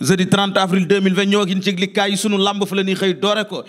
jeudi 30 avril 2020 ñëw ak yéen ci yëglikaay yi sunu làmb fa la ñuy xëy doore ko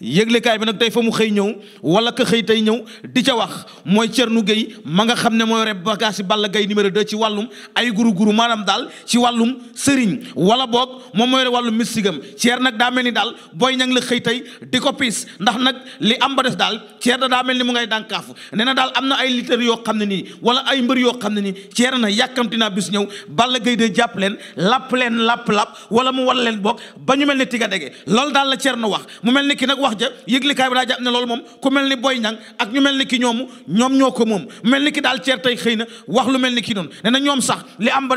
yëglikaay bi nag tey fa mu xëy ñëw wala ka xëy tey ñëw di ca wax mooy Thierno Gueye ma nga xam ne mooy yore bagage si Balla Gaye numéro 2 ci wàllum ay guru guru daal ci wàllum sëriñ wala boog moom mooy yore wàllum mistigam Thierno nag daa mel ni daal booy ñang la xëy tey di ko piis ndax nag li am ba des daal ceer da daa mel ni mu ngay dànkaafu nee na daal am na ay littër yoo xam ne nii wala ay mbër yoo xam ne nii Thierno na yàkkamti naa bis ñëw Balla Gaye de jàpp leen lapp leen wala mu wal leen boog ba ñu mel ni tiga dege loolu daal la Thierno wax mu mel ni ki nag wax ja yëglikaay bi daa jàpp ne loolu moom ku mel ni Boy Niang ak ñu mel ni ki ñoomu ñoom ñoo ko moom mel ni ki daal Thierno tey xëy na wax lu mel ni ki noonu nee na ñoom sax li am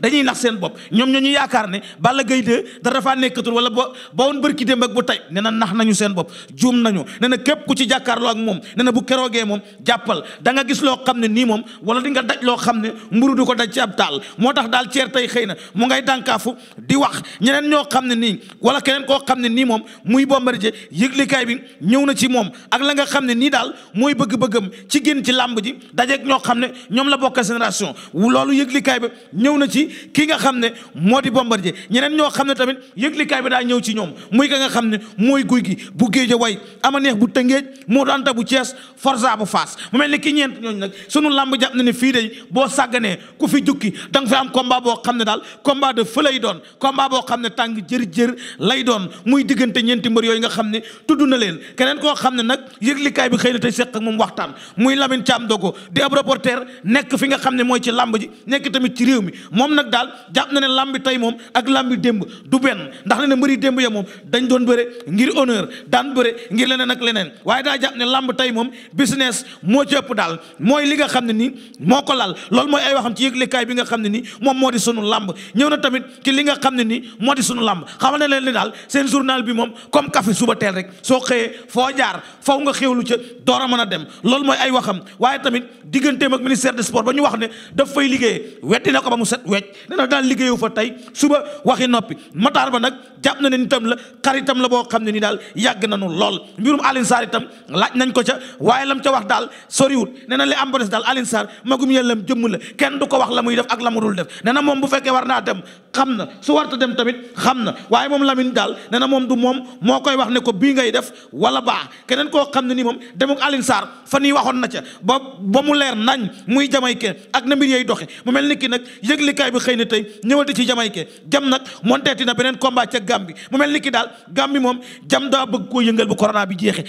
dañuy nax seen bopp ñoom ñoo ñu yaakaar ne bala Gaye 2 dara dafaa nekkatul wala ba ba woon bërki démb ak bu tey nee nax nañu seen bopp juum nañu nee na képp ku ci jàkkaarloo ak moom nee na bu keroogee moom jàppal da nga gis loo xam ne nii moom wala di nga daj loo xam ne mburu du ko daj ci ab taal moo tax daal ceer tey xëy na mu ngay dànkaafu di wax ñeneen ñoo xam ne nii wala keneen koo xam ne nii moom muy Bombardier yëglikaay bi ñëw na ci moom ak la nga xam ne nii daal mooy bëgg-bëggam ci génn ci làmb ji dajeeg ñoo xam ne ñoom la bokk génération loolu yëglikaay bi ñëw ñëw na ci ki nga xam ne moo di Bombardier ñeneen ñoo xam ne tamit yëglikaay bi daa ñëw ci ñoom muy ka nga xam ne mooy guy gi bu géej a way ama neex bu tëngéej moo du anta bu Cees forza bu fas mu mel ni ki ñeent ñooñu nag sunu làmb jàpp na ne fii day boo sàgganee ku fi jukki da nga fi am combat boo xam ne daal combat de feu lay doon combat boo xam ne tàng jër-jër lay doon muy diggante ñeenti mbër yooyu nga xam ne tudd na leen keneen koo xam ne nag yëglikaay bi xëy na tey seq moom waxtaan muy Lamine Thiam Dogo di nekk fi nga xam ne mooy ci làmb ji nekk ci réew mi moom nag daal jàpp na ne làmb tey moom ak làmbi démb du benn ndax ne ne mbëri démb ya moom dañ doon bëre ngir honneur daan bëre ngir leneen ak leneen waaye daal jàpp ne làmb tey moom business moo ci ëpp daal mooy li nga xam ne nii moo ko lal loolu mooy ay waxam ci yëglekaay bi nga xam ne ni moom moo di sunu làmb ñëw na tamit ci li nga xam ne ni moo di sunu làmb xamal na leen ni daal seen journal bi moom comme café suba teel rek soo xëyee foo jaar faw nga xéewlu ca door a mën a dem loolu mooy ay waxam waaye tamit digganteem ak ministère des sports ba ñu wax ne daf fay liggéey set wecc dana daal liggéeyu fa tey suba waxi noppi mataar ba nag jàpp na ne nitam la xaritam la boo xam ne ni daal yàgg na nañu lool mbirum Alioune Sarr itam laaj nañ ko ca waaye lam ca wax daal soriwut nee na li am ba des daal Alioune Sarr magum yàllam jëmm la kenn du ko wax la muy def ak la mu dul def nee moom bu fekkee war naa dem xam na su warta dem tamit xam na waaye moom lamin daal nee moom du moom moo koy wax ne ko bii ngay def wala baax keneen koo xam ne ni moom demuk Alioune Sarr fa nii waxoon na ca ba ba mu leer nañ na mu mel ni yëglikaay bi xëy na tey ñëwal di ci jamayke jam nag monteeti na beneen combat ca Gambie mu mel ni ki daal Gambie moom jam daa bëgg koo yëngal bu corona bi jeexee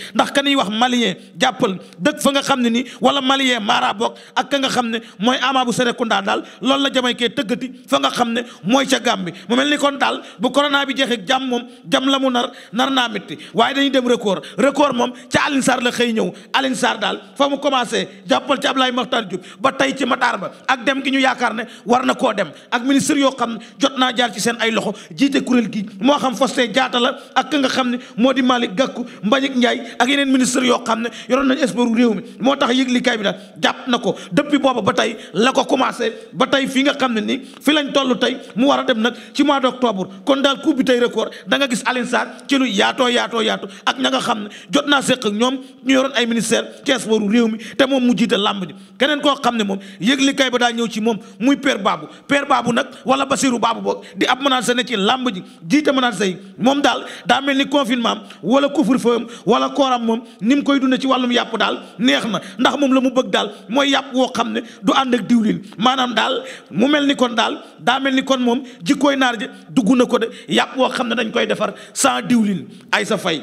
xam ne nii wala malien maara bokk ak ka nga xam ne mooy ama bu Serekunda daal loolu la jamaykee tëggati fa nga xam ne mooy ca Gambie mu mel ni kon daal bu corona bi jeexee jam moom jam la mu nar na naa métti waaye dañuy dem record record moom ca Alioune Sarr la xëy ñëw Alioune Sarr daal fa mu commencé jàppal ci Ablaye Makhtar Diop ba tey ci Matar ba ak dem gi ñu yaakaar ne war na ko koo dem ak ministre yoo xam ne jot naa jaar ci seen ay loxo jiite kuréel gi moo xam Faustin Diatta la ak nga xam ne moo di Malick Gakou Mbagnick ak yeneen ministre yoo xam ne yoroon nañ espoir réew mi moo tax yëglikaay bi daal jàpp na ko depuis booba ba tey la ko commencé ba tey fii nga xam ne nii fi lañ toll tey mu war a dem nag ci mois d' octobre kon daal coupe bi tey record da nga gis Alioune Sarr ci yaatoo yaatoo yaatu ak ña nga xam ne jot naa seq ak ñoom ñu yoroon ay ministère ci espoir réew mi te moom mu jiite làmb ji keneen koo xam ne moom yëglikaay ba daa ñëw ci moom muy père baabu père baabu nag wala basiru baabu boog di ab menace ne ci làmb ji jiite menace yi moom daal daa mel ni confinement am wala couvre-feu am kooram moom ni mu koy dundee ci wàllum yàpp daal neex na ndax moom la mu bëgg daal mooy yàpp woo xam ne du ànd ak diwlin maanaam daal mu mel ni kon daal daa mel ni kon moom jikkooy naar ji dugg na ko de yàpp woo xam ne dañ koy defar sans diwlin ay sa fay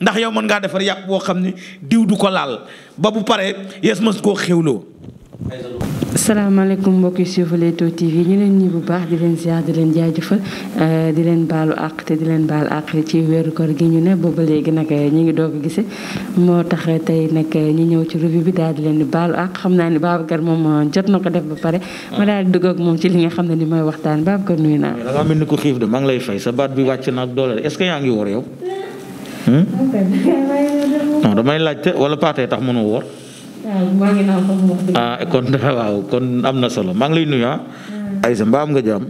ndax yow mën ngaa defar yàpp boo xam ne diw du ko laal ba bu paree yes mas koo xewloo salaamaaleykum mbokki suivre Leewtoo TV ñu leen ñi bu baax di leen ziar di leen jaajëfal eh, di leen baalu àq te di leen baal àq ci weeru koor gi ñu ne booba léegi nag eh, ñu ngi doog a moo tax eh, tey nag ñu ñëw ci revue bi daal di leen di baalu xam naa ni Babacar moom jot na ko def ba pare ma daal di dugg moom ci li nga xam ne ni mooy waxtaan Babacar nuyu naa da ngaa mel ni ko xiif de maa ngi lay fay sa baat bi wàcc na ak doole est-ce que yaa ngi woor yow hmm? damay laajte wala paatee tax mënu woor ah kon waaw kon am na solo maa ngi lay nuyu ah. Hmm. Aïssa mbaa am nga jàmm.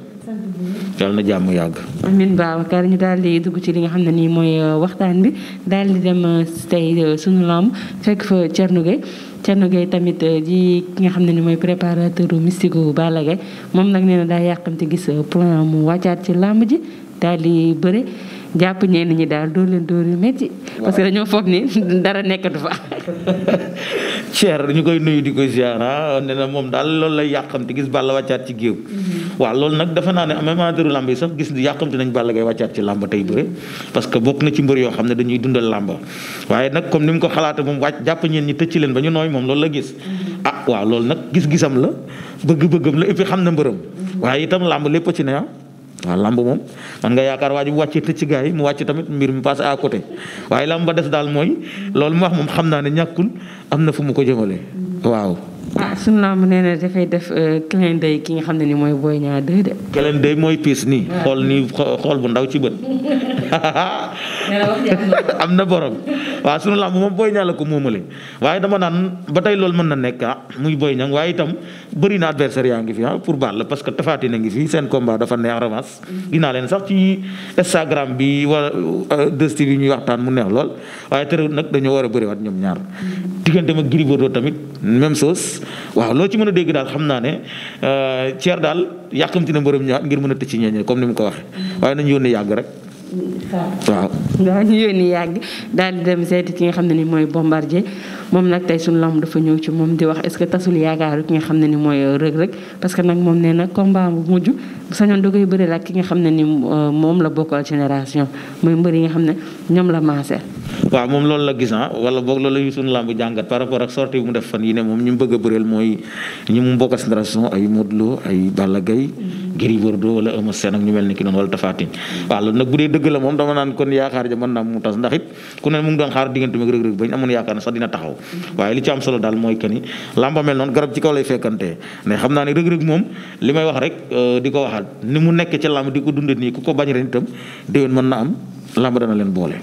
yàlla na jàmm yàgg. amiin ñu daal di dugg ci li nga xam ne nii mooy euh, waxtaan bi daal di dem euh, tey euh, sunu lamb fekk fa Thierno Gueye Thierno Gueye tamit ji ki nga xam ne ni mooy préparateur mystique bu Balla moom nag nee na daa yàqamte gis plan mu wàccaat ci làmb ji daal di bëre. jàpp ñenn ñi daal dóor leen dóor yu métti. parce dañoo foog ni dara nekkatu fa. Cher ñu koy nuyu di ko ziar ne na moom daal loolu lay yàqamti gis Balla wàccaat ci géew. Mhm. waaw loolu nag dafa naa ne amateur lamb yi sax gis yàqamti nañ Balla Gaye wàccaat ci làmb tey bëre parce que bokk na ci mbër yoo xam ne dañuy dundal làmb waaye nag comme ni mu ko xalaate moom wàcc jàpp ñeen ñi tëcc leen ba ñu nooy moom loolu la gis. Mhm. ah waaw loolu nag gis-gisam la bëgg-bëggam la et puis xam na mbërëm mhm. waaye itam làmb lépp ci ne ah. waaw lamb moom man nga yaakaar waa ji bu wàccee tëj ci gars yi mu wàcc tamit mbir mu passé a côté waaye lamb ba des daal mooy loolu mu wax moom xam naa ne ñàkkul am na fu mu ko jëmale waaw. ah sunu lamb nee na dafay def euh, clin d'œil ki nga xam ne ni mooy Boy Niang 2 de. clin mooy piis nii. Ah. xool nii xool bu ndaw ci bët. am na borom. waaw sunu làmb moom Boy Niang la ko moomale waaye dama naan ba tey loolu mën na nekk ah muy Boy Niang waaye itam bëri na adversaire yaa ngi fi ah pour Balla parce que Tapha a ngi fi seen combat dafa neex revanche dinaa mm-hmm. leen sax ci Instagram bi wala 2STV euh, bi ñuy waxtaan mu neex lool waaye tere nag dañoo war a bëri waat ñoom ñaar mm-hmm. diggante ma Gris Bordeaux tamit même chose waaw loo ci mën a dégg daal xam naa ne euh, Thier daal yàkkamti na mbërëm ñëwaat ngir mën a tëcc ñeeñee comme ni mu ko waxee mm-hmm. waaye nañu yónnee yàgg rek waaw waaw ñu yónni yàgg daal di dem seeti ki nga xam ne ni mooy bombardier moom nag tey suñu lamb dafa ñëw ci moom di wax est tasul yaakaaru ki nga xam ne ni mooy euh, rëg-rëg parce moom nee na combat bu mujj sañoon da koy bëri la ak ki nga xam ne ni euh, moom la bokkal génération mooy mbër yi nga xam ne ñoom la maase. waaw moom loolu la gis ah wala boog loolu la ñu suñu lamb jàngat par rapport ak sortie bu mu def fan yi ne moom ñu mu bëgg a bëreel mooy ñi mu bokkal génération ay Modou ay Balla Gaye mm-hmm. Gris Bordeaux wala Eumeu ak ñu mel ni ki noonu wala Tapha dama naan kon yaakaar ja mën naa mu tas ndax it ku ne mu ngi doon xaar diggante mag rëg-rëg bañ amoon yaakaar ne sax dina taxaw waaye li ci am solo daal mooy que ni làmba mel noonu garab ci kaw lay fekkantee mais xam naa ne rëg-rëg moom li may wax rek euh, di ko waxaat ni mu nekk ci làmb di ko dundee nii ku ko bañ ren itam déwén mën na am làmb dana leen boole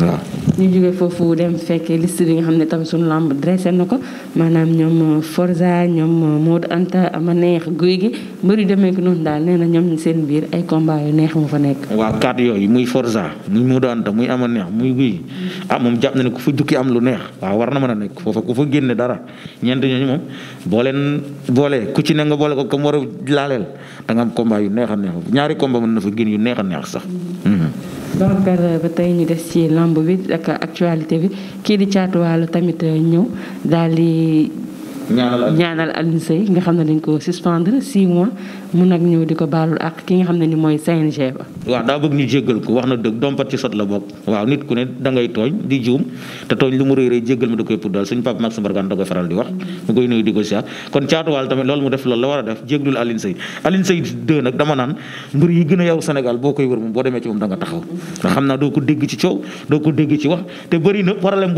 waaw ñu jóge foofu dem fekkee liste bi nga xam ne tam suñu lamb dressé na ko maanaam ñoom euh, Forza ñoom euh, Modou Anta ama neex guy gi mbër yu demee ko noonu daal nee na ñoom seen biir ay combat yu neex mu fa nekk. waaw kàddu yooyu muy Forza muy Modou Anta muy ama neex muy guy mm. ah moom jàpp na ne ku fa am lu neex waaw war na mën a nekk foofa ku fa génne dara ñeent ñooñu moom boo leen boole ku ci ne nga boole ko comme war laaleel da nga am combat neex a ñaari combat mën na fa génn yu neex a neex sax. Mm. Mm. Babacar ba tey ñu des ci làmb bi ak actualité bi kii di caatuwaalu tamit ñëw daal di ñaanal Alioune Seye nga xam ne dañ ko suspendre 6 mois mu nag ñëw di ko baalul ak ki nga xam ne ni mooy CNG ba. waaw daa bëgg ñu jéggal ko wax na dëgg dompat ci sot la bokk waaw nit ku ne da ngay tooñ di juum te tooñ lu mu rëy rëy jéggal mi da koy puddal suñu papa Maxime Bargane da koy faral di wax mu koy nuyu di ko siyaar kon caatuwaal a def jéglul Alioune Seye nag dama naan mbir yi gën a yow Sénégal boo koy wër moom boo demee ci moom da nga taxaw ndax xam naa doo ko dégg ci coow doo ko na problème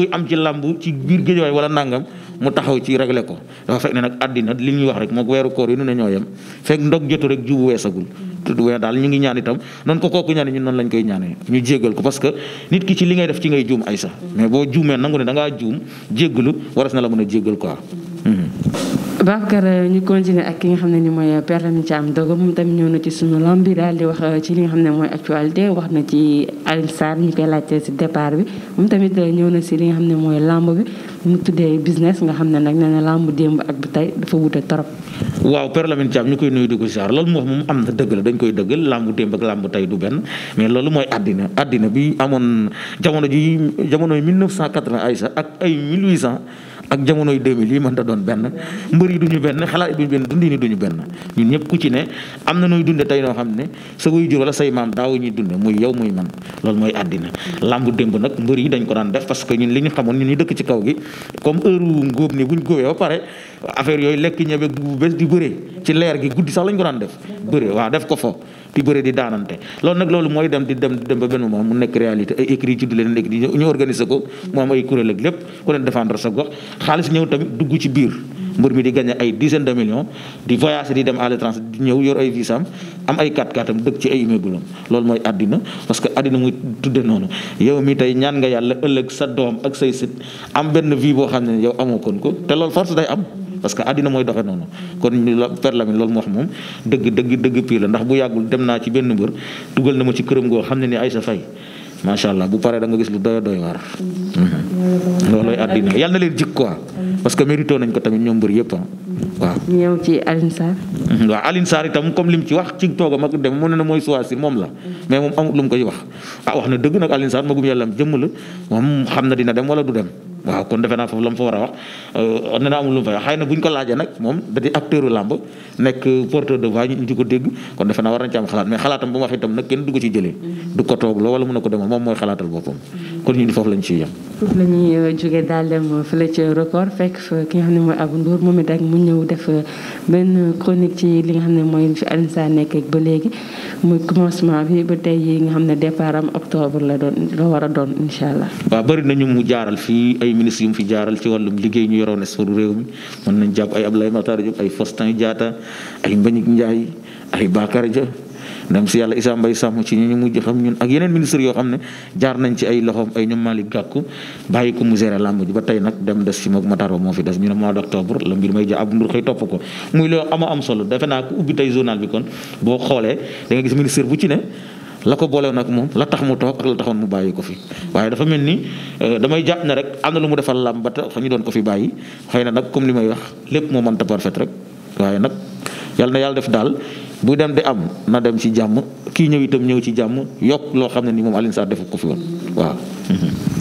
mu taxaw ci réglé ko dafa fekk ne nag àddina li ñuy wax rek moo weeru koor yi nu ne ñoo yem fekk ndog jotu rek jiwu weesagul tuddwee daal ñu ngi ñaan itam noonu ko kooku ñaane ñun noonu lañ koy ñaane ñu jéggal ko parce que nit ki ci li ngay def ci ngay juum ay sax mais boo juumee nangu ne da ngaa juum jéggalu waras na la mën a jéggal ko Babacar euh, ñu continuer ak ki nga xam ne ni mooy euh, Père Lamine Thiam Dogo moom tamit ñëw na ci sunu lamb bi daal di wax euh, ci li nga xam ne mooy actualité wax na ci Alioune Sarr ñu koy laajtee si si li nga xam ne mooy nga xam ne nag nee na lamb démb ak bu tey dafa wute trop. waaw Père Lamine Thiam ñu koy nuyu di ko siyaar loolu mu wax moom am na dëgg dañ koy dëggal lamb démb ak lamb tey du benn mais loolu mooy àddina àddina bi amoon jamono ji jamono yi 1980 ay sa ak ay 1800. ak jamonoy 2000 lii mën ta doon benn mbër yi duñu benn xalaat yi duñu benn dundin yi duñu benn ñun ñëpp ku ci ne am na nooy dunde tey noo xam ne sa wuy jur wala say maam daaw ñuy dunde muy yow muy man loolu mooy àddina làmb démb nag mbër yi dañ ko daan def parce que ñun li ñu xamoon ñun ñu dëkk ci kaw gi comme heure wu ngóob ni buñ góobee ba pare affaire yooyu lekk ñebe bu bés di bëree ci leer gi guddi sax lañ ko daan def bëree waa def ko fo di bëre di daanante loolu nag loolu mooy dem di dem dem ba benn moment mu nekk réalité ay écrit judd leen nekk di ñu organiser ko mu am ay kuréel ak lépp ku leen défendre sa gox xaalis ñëw tamit dugg ci biir mbër mi di gagné ay dizaine de millions di voyager di dem à l'étranger di ñëw yor ay visam am ay 4x4 ci ay immeuble am loolu mooy àddina parce que àddina muy tudde noonu yow mi tey ñaan nga yàlla ëllëg sa doom ak say sët am benn vie boo xam ne yow amoo kon ko te loolu force day am parce que àddina mooy doxee noonu. kon Père Lamine loolu mu wax moom dëgg dëgg dëgg pire la ndax bu yàggul dem naa ci benn mbër dugal na ma ci këram goo xam ne ni Aïssa Faye macha allah bu paree da nga gis lu doy doy waar. Mm-hmm. loolooy àddina yàlla na leen jik quoi. Mm-hmm. parce que mérito nañ ko tamit ñoom mbër yëpp ah. waaw ñëw ci Alioune Sarr. Mm-hmm. waaw Alioune itam comme lim ci wax ci toogam ak dem mu ne na mooy choisir moom la. mais moom amut lu koy wax ah wax na dëgg nag Alioune Sarr magum yàlla am jëmm la moom xam na dina dem wala du dem. waaw kon defe naa foofu la fa war a wax euh, nee na amul lu mu fay wax na bu ñu ko laajee nag moom da di acteuru làmb nekk porteur de voix ñu di ko dégg kon defe naa war nañ ci am xalaat mais xalaatam bu wax itam nag kenn du ci jëlee mm-hmm. du ko toogloo wala mun na ko demal moom mooy xalaatal boppam mm-hmm. kon ñu di foofu lañ ciy yem. foofu la ñuy euh, jógee daal dem fële ca record fekk ki nga xam ne mooy Abou Ndour moom it ak mu ñëw def euh, benn chronique ci li nga xam ne mooy fi Alioune Sarr nekkee ba léegi muy commencement bi ba tey yi nga xam ne départ am la doon la war a doon incha allah. waaw bëri nañu mu jaaral fii ay ministres yu mu fi jaaral ci wàllum liggéey ñu yoroon sport réew mi mën nañ jàpp ay Abdoulaye Makhtar Diop ay Faustin Diatta ay Mbagnick Ndiaye ay Bakar Dia. ndem si yàlla Issa Mbaye Samb ci ñu mujj xam ñun ak yeneen ministre yoo xam ne jaar nañ ci ay loxoom ay ñoom Malick Gakou bàyyi ko mu gérer làmb ba tey nag dem des si moog Matar Ba moo fi des ñu ne d' octobre la mbir may ja ab mbir xëy topp ama am solo defe naa ko ubbi tey journal bi kon boo xoolee da nga gis ministre bu ci ne la ko boolewoon ak moom la tax mu toog ak la taxoon mu bàyyi ko fi waaye dafa mel ni euh, damay jàpp ne rek am na lu mu defal làmb ba tax ñu doon ko fi bàyyi xëy na nag comme li may wax lépp moo mënta parfait rek waaye nag yàlla na yàlla def daal bu dem di am na dem ci jàmm ki ñëw itam ñëw ci jàmm yokk loo xam ne ni moom Alioune Sarr defu ko fi woon waaw.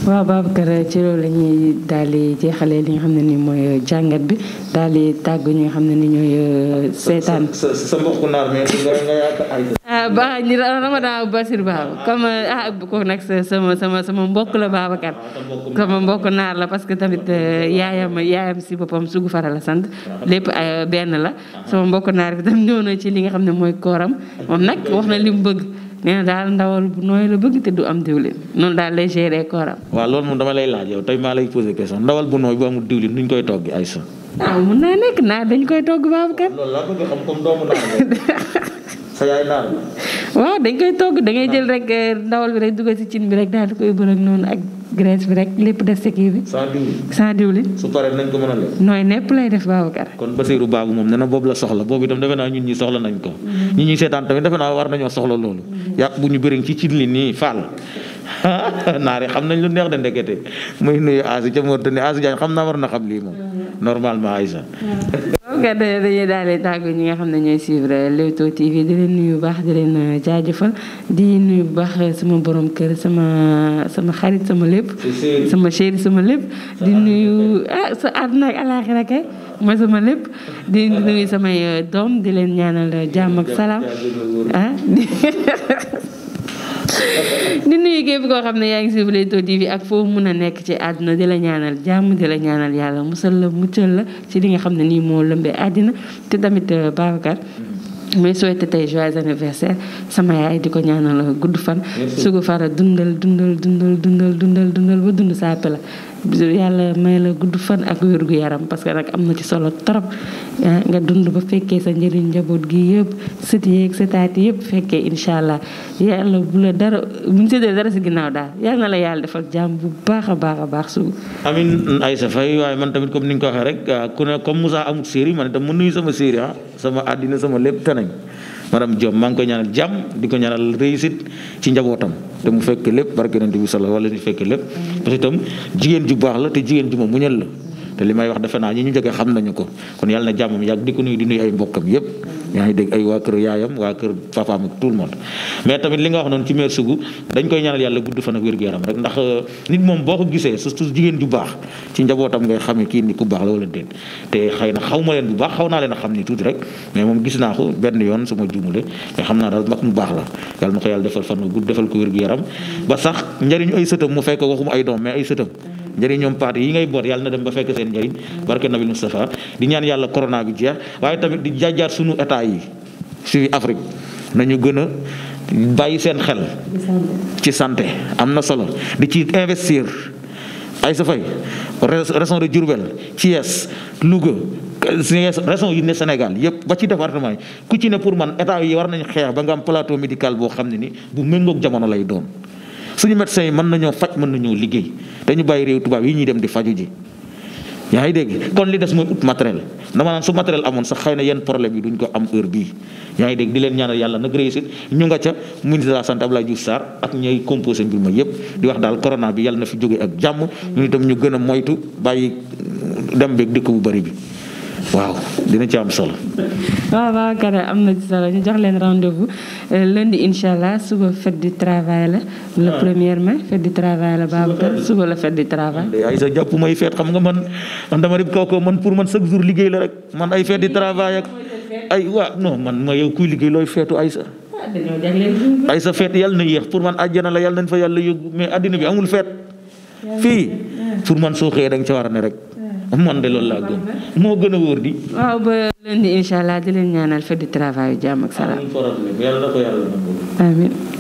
waaw Babacar ci loolu ñuy daal di jeexalee li nga xam ne ni mooy jàngat bi daal di tàgg ñi nga xam ne ni ñooy euh, seetaan. sa sa mbokku naar mais nga yaakaar ay Ramadan Abou Bassir Ba ah, ah. comme ah ko nag sama sama sama mbokk la Babacar ah, sama mbokk naar la parce que tamit eh, yaayam yaayam si boppam sugu fara la sant lépp ay benn la sama mbokk naar bi tam ñëw na ci li nga xam ne mooy kooram moom nag wax na li mu bëgg nee daal ndawal bu nooy la bëgg te du am diwlin noonu daal lay gérer kooram waaw loolu moom dama lay laaj yow tey maa lay posé question ndawal bu nooy bu amul diwlin nuñ koy toggi ay sa sa yaay naan. waaw dañ koy togg da ngay jël rek eh, ndawal bi rek dugal si cin bi rek daal di koy bërëg noonu ak graisse bi rek lépp def sa kii bi. sans su paree nañ ko mën a lekk. nooy nepp lay def Babacar. kon Basirou Babou moom nee na boobu la soxla boobu itam defe naa ñun ñi soxla nañ ko. Mm-hmm. ñi ñuy seetaan tamit defe naa war nañoo soxla loolu. Mm-hmm. yàq bu ñu bëriñ ci cin li nii Fall. naari xam nañ lu neex de ndekete muy nuyu Asi ca Mauritanie Asi Diagne xam naa war na nga dañuy daal di tàggu ñi nga xam ne ñooy suivre Leewtoo TV di leen nuyu bu baax di leen jaajëfal di nuyu bu baax sama borom kër sama sama xarit sama lépp. sama chéri sama lépp. di nuyu ah sa àdduna ak alaaxira kay mooy sama lépp di nuyu samay doom di leen ñaanal jàmm ak salaam ah. di nuyu képp koo xam ne yaa ngi suivre Leewtoo TV ak foo mun a nekk ci àddina di la ñaanal jàmm di la ñaanal yàlla musal la muccal la ci li nga xam ne nii moo lëmbee àddina te tamit euh, Babacar mm-hmm. may te tey joyeux anniversaire sama yaay di ko ñaanal gudd fan su ko fara dundal dundal dundal dundal dundal dundal dund saapé la yàlla may la gudd fan ak wér yaram parce que nag am na ci solo trop nga dund ba fekkee sa njëriñ njaboot gi yëpp sët yeeg sëtaat yëpp fekkee incha allah yàlla bu la dara bu ñu séddee dara si ginnaaw daal yàlla na la yàlla defal jàmm bu baax a baax a baax su. amiin Aïssa Faye waaye man tamit comme ni nga ko waxee rek ah, ku ne comme Moussa amul séeri man itam ma nuyu sama séeri ah sama àddina sama lépp tanañ madame Diop maa ngi koy ñaanal jàmm di ko ñaanal réussite ci njabootam te mu fekk lépp barke yonent bi sala wala ñu fekk lépp parce que itam jigéen ju baax la te jigéen ju ma muñal la te li may wax defe naa ñi ñu njëkk xam nañu ko kon yàlla na jàmmam yàgg di ko nuyu di nuyu ay mbokkam yëpp yaa ngi dégg ay waa kër yaayam waa kër papaam ak tout tamit li nga wax noonu ci mère Sougou dañ koy yàlla gudd fan ak wér yaram rek ndax euh, nit moom boo ko gisee surtout jigéen ju baax ci njabootam ngay xamee kii ni ku baax la wala déet te xëy na xaw ma leen bu baax xaw naa leen a xam ni tuuti rek mais moom gis naa ko benn yoon su ma juumale mais xam naa daal mag mu baax la yàlla na ko yàlla defal fan gudd defal ko wér-gu-yaram ba sax njariñu ay sëtam mu fekk waxuma ay doom mais ay sëtam njëriñ ñoom parti yi ngay boot yàlla na dem ba fekk seen njëriñ barke nabil Moustapha di ñaan yàlla corona bi jeex waaye tamit di jaajaat suñu état yi su Afrique nañu gën a bàyyi seen xel ci santé am na solo di ci investir ay sa fay région de Diourbel Thiès Louga région yi ne Sénégal yëpp ba ci département yi ku ci ne pour man état yi war nañ xeex ba nga am plateau médical boo xam ne ni bu méngoog jamono lay doon suñu médecins yi mën nañoo faj mën nañoo liggéey dañu bàyyi réew tubaab yi ñuy dem di faju ji yaa ngi dégg kon li des mooy ut matériel dama naan su matériel amoon sax xëy na yenn problème yi duñ ko am heure bii yaa ngi dégg di leen ñaanal yàlla nag réussite ñu nga ca ministre de la santé Abdoulaye Diouf Sarr ak ñay composé mbir ma yëpp di wax daal corona bi yàlla na fi jóge ak jàmm ñu itam ñu gën a moytu bàyyi dem beeg dëkk bu bari bi waaw dina ci am solo. waaw waaw Kare am na ci solo ñu jox leen rendez-vous euh, lundi incha allah suba fête du travail la. Ah. le premier mai fête du travail la Babacar suba la fête xam nga man man dama dem man pour man chaque jour liggéey la man ay fête du travail ay waa non man ma yow kuy liggéey looy feetu ay sa. ay sa feet yàlla na yéex pour man àjjana la yàlla nañ fa yàlla yóbbu mais àddina bi amul feet. fii pour man soo xëyee da ca war a rek. Ah, man de loolu laa gëm moo gën a wóor di. waaw ba lundi incha allah di leen ñaanal fête du travail jàmm ak salaam. amiin.